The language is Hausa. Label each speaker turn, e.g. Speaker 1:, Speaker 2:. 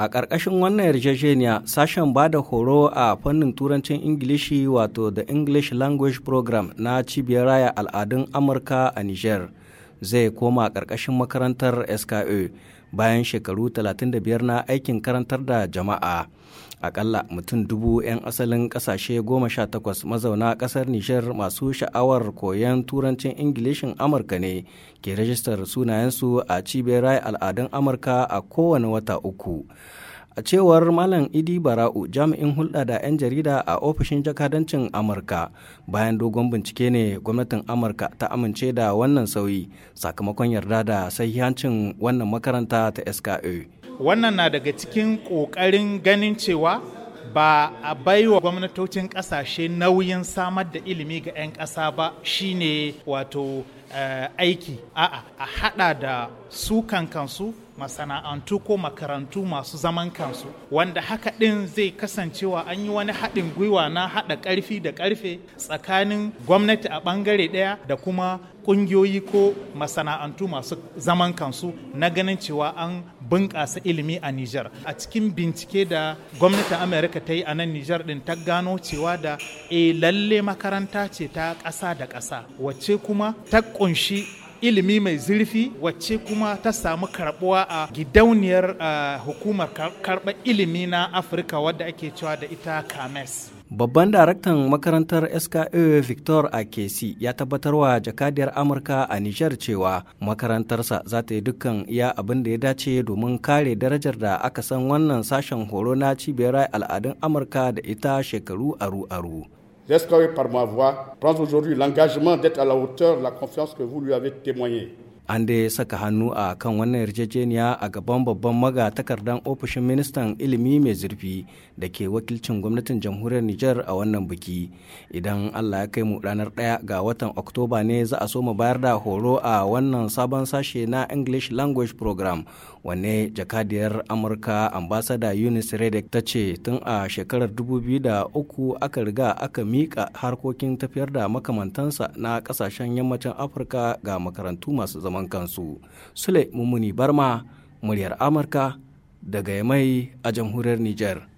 Speaker 1: a ƙarƙashin wannan yarjejeniya sashen ba da horo a fannin turancin ingilishi wato the english language program na cibiyar raya al'adun amurka a niger zai koma ƙarƙashin makarantar SKA bayan shekaru 35 na aikin karantar da jama'a. Akalla mutum dubu 'yan asalin ƙasashe 18 mazauna ƙasar Nijar masu sha'awar koyon turancin Ingilishin Amurka ne ke rajistar sunayensu a cibiyar al'adun Amurka a kowane wata uku. A cewar Malam Idi Bara'u jami'in hulɗa da 'yan jarida a ofishin jakadancin Amurka bayan dogon bincike ne gwamnatin Amurka ta amince da wannan sauyi sakamakon yarda da sahihancin wannan makaranta ta SKA.
Speaker 2: Wannan na daga cikin ƙoƙarin ganin cewa ba a baiwa gwamnatocin ƙasashe nauyin samar da ilimi ga 'yan ƙasa ba shine wato uh, aiki a'a a haɗa da su kankansu masana'antu ko makarantu masu zaman kansu wanda haka ɗin zai kasancewa an yi wani haɗin gwiwa na haɗa ƙarfi da ƙarfe tsakanin gwamnati a ɓangare ɗaya da kuma ƙungiyoyi ko masana'antu masu zaman kansu na ganin cewa an bunƙasa ilimi a Nijar. A cikin bincike da gwamnatin Amerika ta yi a nan Nijar ɗin ta gano cewa da e lalle makaranta ce ta ƙasa da ƙasa wacce kuma ta ƙunshi ilimi mai zurfi wacce kuma ta samu karbuwa a gidauniyar hukumar karɓar ilimi na afirka wadda ake cewa da ita kames
Speaker 1: Babban daraktan makarantar SKA Victor a kesi ya tabbatar wa jakadiyar Amurka a Nijar cewa makarantarsa za ta yi dukkan iya abin da ya dace domin kare darajar da aka san wannan sashen horo na cibiyar al'adun Amurka da ita shekaru aru-aru.
Speaker 2: J'espère par ma voix prendre aujourd'hui l'engagement d'être à la hauteur de la confiance que vous lui avez témoignée.
Speaker 1: an dai saka hannu a kan wannan yarjejeniya a gaban babban maga takardan ofishin ministan ilimi mai zurfi da ke wakilcin gwamnatin jamhuriyar nijar a wannan biki idan allah ya kai mu ranar ɗaya ga watan oktoba ne za a so mu bayar da horo a wannan sabon sashe na english language program wanne jakadiyar amurka ambasada eunice redek ta ce tun a shekarar 2003 aka riga aka mika harkokin tafiyar da makamantansa na kasashen yammacin afirka ga makarantu masu zaman zaman kansu. Sule Mummuni Barma, muryar Amurka daga Yamai a jamhuriyar Nijar.